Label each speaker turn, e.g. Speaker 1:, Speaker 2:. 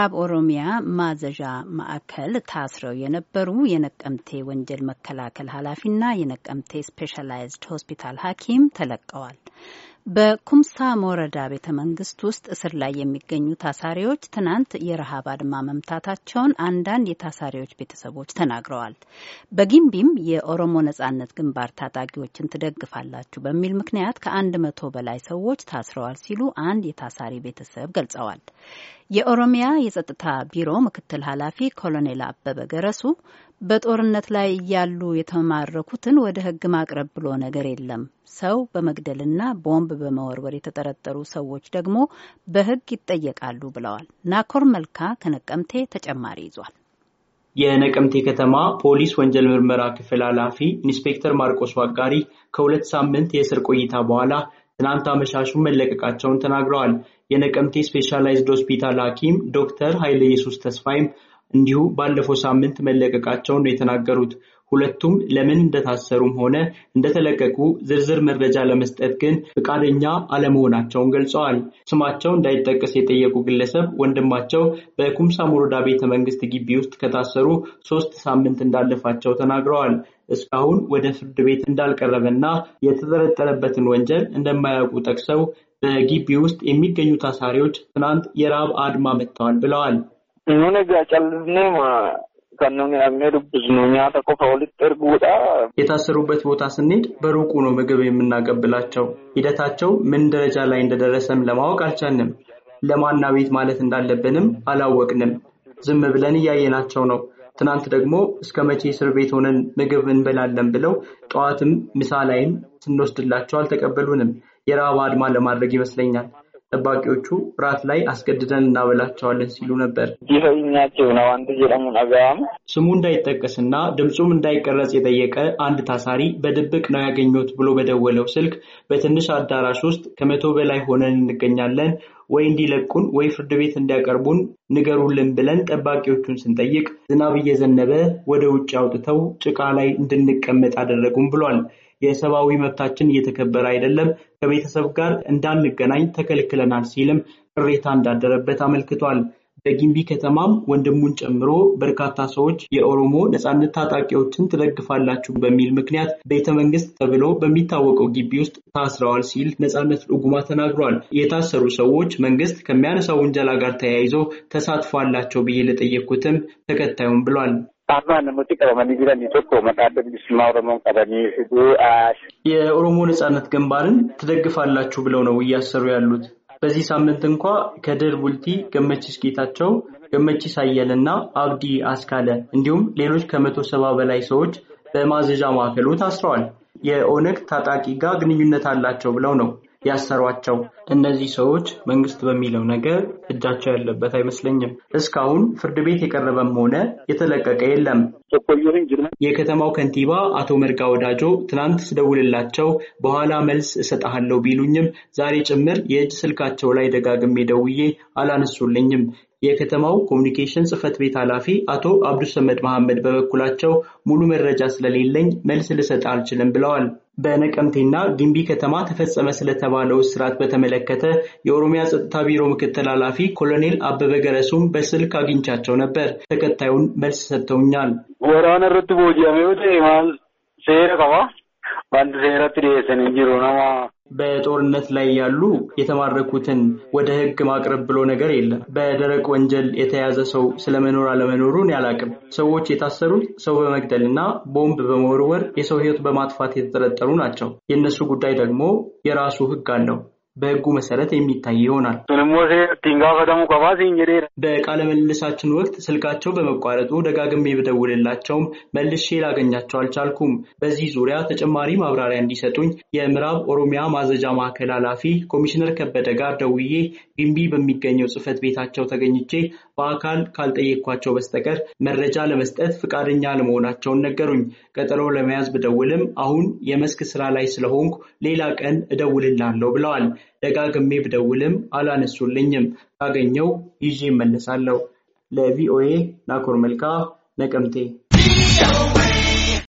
Speaker 1: ምዕራብ ኦሮሚያ ማዘዣ ማዕከል ታስረው የነበሩ የነቀምቴ ወንጀል መከላከል ኃላፊና የነቀምቴ ስፔሻላይዝድ ሆስፒታል ሐኪም ተለቀዋል። በኩምሳ ሞረዳ ቤተ መንግስት ውስጥ እስር ላይ የሚገኙ ታሳሪዎች ትናንት የረሃብ አድማ መምታታቸውን አንዳንድ የታሳሪዎች ቤተሰቦች ተናግረዋል። በጊምቢም የኦሮሞ ነጻነት ግንባር ታጣቂዎችን ትደግፋላችሁ በሚል ምክንያት ከአንድ መቶ በላይ ሰዎች ታስረዋል ሲሉ አንድ የታሳሪ ቤተሰብ ገልጸዋል። የኦሮሚያ የጸጥታ ቢሮ ምክትል ኃላፊ ኮሎኔል አበበ ገረሱ በጦርነት ላይ እያሉ የተማረኩትን ወደ ሕግ ማቅረብ ብሎ ነገር የለም። ሰው በመግደልና ቦምብ በመወርወር የተጠረጠሩ ሰዎች ደግሞ በሕግ ይጠየቃሉ ብለዋል። ናኮር መልካ ከነቀምቴ ተጨማሪ ይዟል።
Speaker 2: የነቀምቴ ከተማ ፖሊስ ወንጀል ምርመራ ክፍል ኃላፊ ኢንስፔክተር ማርቆስ ዋጋሪ ከሁለት ሳምንት የእስር ቆይታ በኋላ ትናንት አመሻሹን መለቀቃቸውን ተናግረዋል። የነቀምቴ ስፔሻላይዝድ ሆስፒታል ሐኪም ዶክተር ኃይለ ኢየሱስ ተስፋይም እንዲሁ ባለፈው ሳምንት መለቀቃቸውን ነው የተናገሩት። ሁለቱም ለምን እንደታሰሩም ሆነ እንደተለቀቁ ዝርዝር መረጃ ለመስጠት ግን ፈቃደኛ አለመሆናቸውን ገልጸዋል። ስማቸው እንዳይጠቀስ የጠየቁ ግለሰብ ወንድማቸው በኩምሳ ሞሮዳ ቤተ መንግስት ግቢ ውስጥ ከታሰሩ ሶስት ሳምንት እንዳለፋቸው ተናግረዋል። እስካሁን ወደ ፍርድ ቤት እንዳልቀረበና የተጠረጠረበትን ወንጀል እንደማያውቁ ጠቅሰው በግቢ ውስጥ የሚገኙ ታሳሪዎች ትናንት የራብ አድማ መጥተዋል ብለዋል። Nun egaa callisnee kan nuti hafnee dubbisnu nyaata qofa walitti erguudha. የታሰሩበት ቦታ ስንሄድ በሩቁ ነው ምግብ የምናቀብላቸው። ሂደታቸው ምን ደረጃ ላይ እንደደረሰም ለማወቅ አልቻልንም። ለማና ቤት ማለት እንዳለብንም አላወቅንም። ዝም ብለን እያየናቸው ነው። ትናንት ደግሞ እስከ መቼ እስር ቤት ሆነን ምግብ እንበላለን ብለው ጠዋትም ምሳ ላይም ስንወስድላቸው አልተቀበሉንም። የረሃብ አድማ ለማድረግ ይመስለኛል። ጠባቂዎቹ ራት ላይ አስገድደን እናበላቸዋለን ሲሉ ነበር። ስሙ እንዳይጠቀስና ድምፁም እንዳይቀረጽ የጠየቀ አንድ ታሳሪ በድብቅ ነው ያገኘት ብሎ በደወለው ስልክ በትንሽ አዳራሽ ውስጥ ከመቶ በላይ ሆነን እንገኛለን ወይ እንዲለቁን ወይ ፍርድ ቤት እንዲያቀርቡን ንገሩልን ብለን ጠባቂዎቹን ስንጠይቅ ዝናብ እየዘነበ ወደ ውጭ አውጥተው ጭቃ ላይ እንድንቀመጥ አደረጉም ብሏል። የሰብአዊ መብታችን እየተከበረ አይደለም፣ ከቤተሰብ ጋር እንዳንገናኝ ተከልክለናል ሲልም ቅሬታ እንዳደረበት አመልክቷል። በጊምቢ ከተማም ወንድሙን ጨምሮ በርካታ ሰዎች የኦሮሞ ነፃነት ታጣቂዎችን ትደግፋላችሁ በሚል ምክንያት ቤተ መንግስት ተብሎ በሚታወቀው ግቢ ውስጥ ታስረዋል ሲል ነፃነት ድጉማ ተናግሯል። የታሰሩ ሰዎች መንግስት ከሚያነሳው ውንጀላ ጋር ተያይዞ ተሳትፏላቸው አላቸው ብዬ ለጠየኩትም ተከታዩም ብሏል። አባ namooti qabamanii jiran tokko maqaa bilisummaa ኦሮሞን qabanii የኦሮሞ ነጻነት ግንባርን ትደግፋላችሁ ብለው ነው እያሰሩ ያሉት። በዚህ ሳምንት እንኳ ከድር ቡልቲ፣ ገመችስ ጌታቸው፣ ገመችስ አየል እና አብዲ አስካለ እንዲሁም ሌሎች ከመቶ ሰባ በላይ ሰዎች በማዘዣ ማዕከሉ ታስረዋል። የኦነግ ታጣቂ ጋር ግንኙነት አላቸው ብለው ነው ያሰሯቸው እነዚህ ሰዎች መንግስት በሚለው ነገር እጃቸው ያለበት አይመስለኝም። እስካሁን ፍርድ ቤት የቀረበም ሆነ የተለቀቀ የለም። የከተማው ከንቲባ አቶ መርጋ ወዳጆ ትናንት ስደውልላቸው በኋላ መልስ እሰጥሃለሁ ቢሉኝም ዛሬ ጭምር የእጅ ስልካቸው ላይ ደጋግሜ ደውዬ አላነሱልኝም። የከተማው ኮሚኒኬሽን ጽሕፈት ቤት ኃላፊ አቶ አብዱሰመድ መሐመድ በበኩላቸው ሙሉ መረጃ ስለሌለኝ መልስ ልሰጥ አልችልም ብለዋል። በነቀምቴና ግንቢ ከተማ ተፈጸመ ስለተባለው እስራት በተመለከተ የኦሮሚያ ጸጥታ ቢሮ ምክትል ኃላፊ ኮሎኔል አበበ ገረሱም በስልክ አግኝቻቸው ነበር። ተከታዩን መልስ ሰጥተውኛል።
Speaker 1: ወራነ ረት
Speaker 2: ቦጂያሜ ሴረ በጦርነት ላይ ያሉ የተማረኩትን ወደ ህግ ማቅረብ ብሎ ነገር የለም። በደረቅ ወንጀል የተያዘ ሰው ስለመኖር አለመኖሩን ያላቅም። ሰዎች የታሰሩት ሰው በመግደል እና ቦምብ በመወርወር የሰው ህይወት በማጥፋት የተጠረጠሩ ናቸው። የእነሱ ጉዳይ ደግሞ የራሱ ህግ አለው። በህጉ መሰረት የሚታይ ይሆናል። በቃለ ወቅት ስልካቸው በመቋረጡ ደጋግሜ ብደውልላቸውም መልሼ ላገኛቸው አልቻልኩም። በዚህ ዙሪያ ተጨማሪ ማብራሪያ እንዲሰጡኝ የምዕራብ ኦሮሚያ ማዘጃ ማዕከል ኃላፊ ኮሚሽነር ከበደ ጋር ደውዬ ግንቢ በሚገኘው ጽህፈት ቤታቸው ተገኝቼ በአካል ካልጠየኳቸው በስተቀር መረጃ ለመስጠት ፈቃደኛ ለመሆናቸውን ነገሩኝ። ቀጠሮ ለመያዝ ብደውልም አሁን የመስክ ስራ ላይ ስለሆንኩ ሌላ ቀን እደውልላለሁ ብለዋል። ደጋግሜ ብደውልም አላነሱልኝም። ካገኘው ይዤ እመለሳለሁ። ለቪኦኤ ናኮር መልካ ነቀምቴ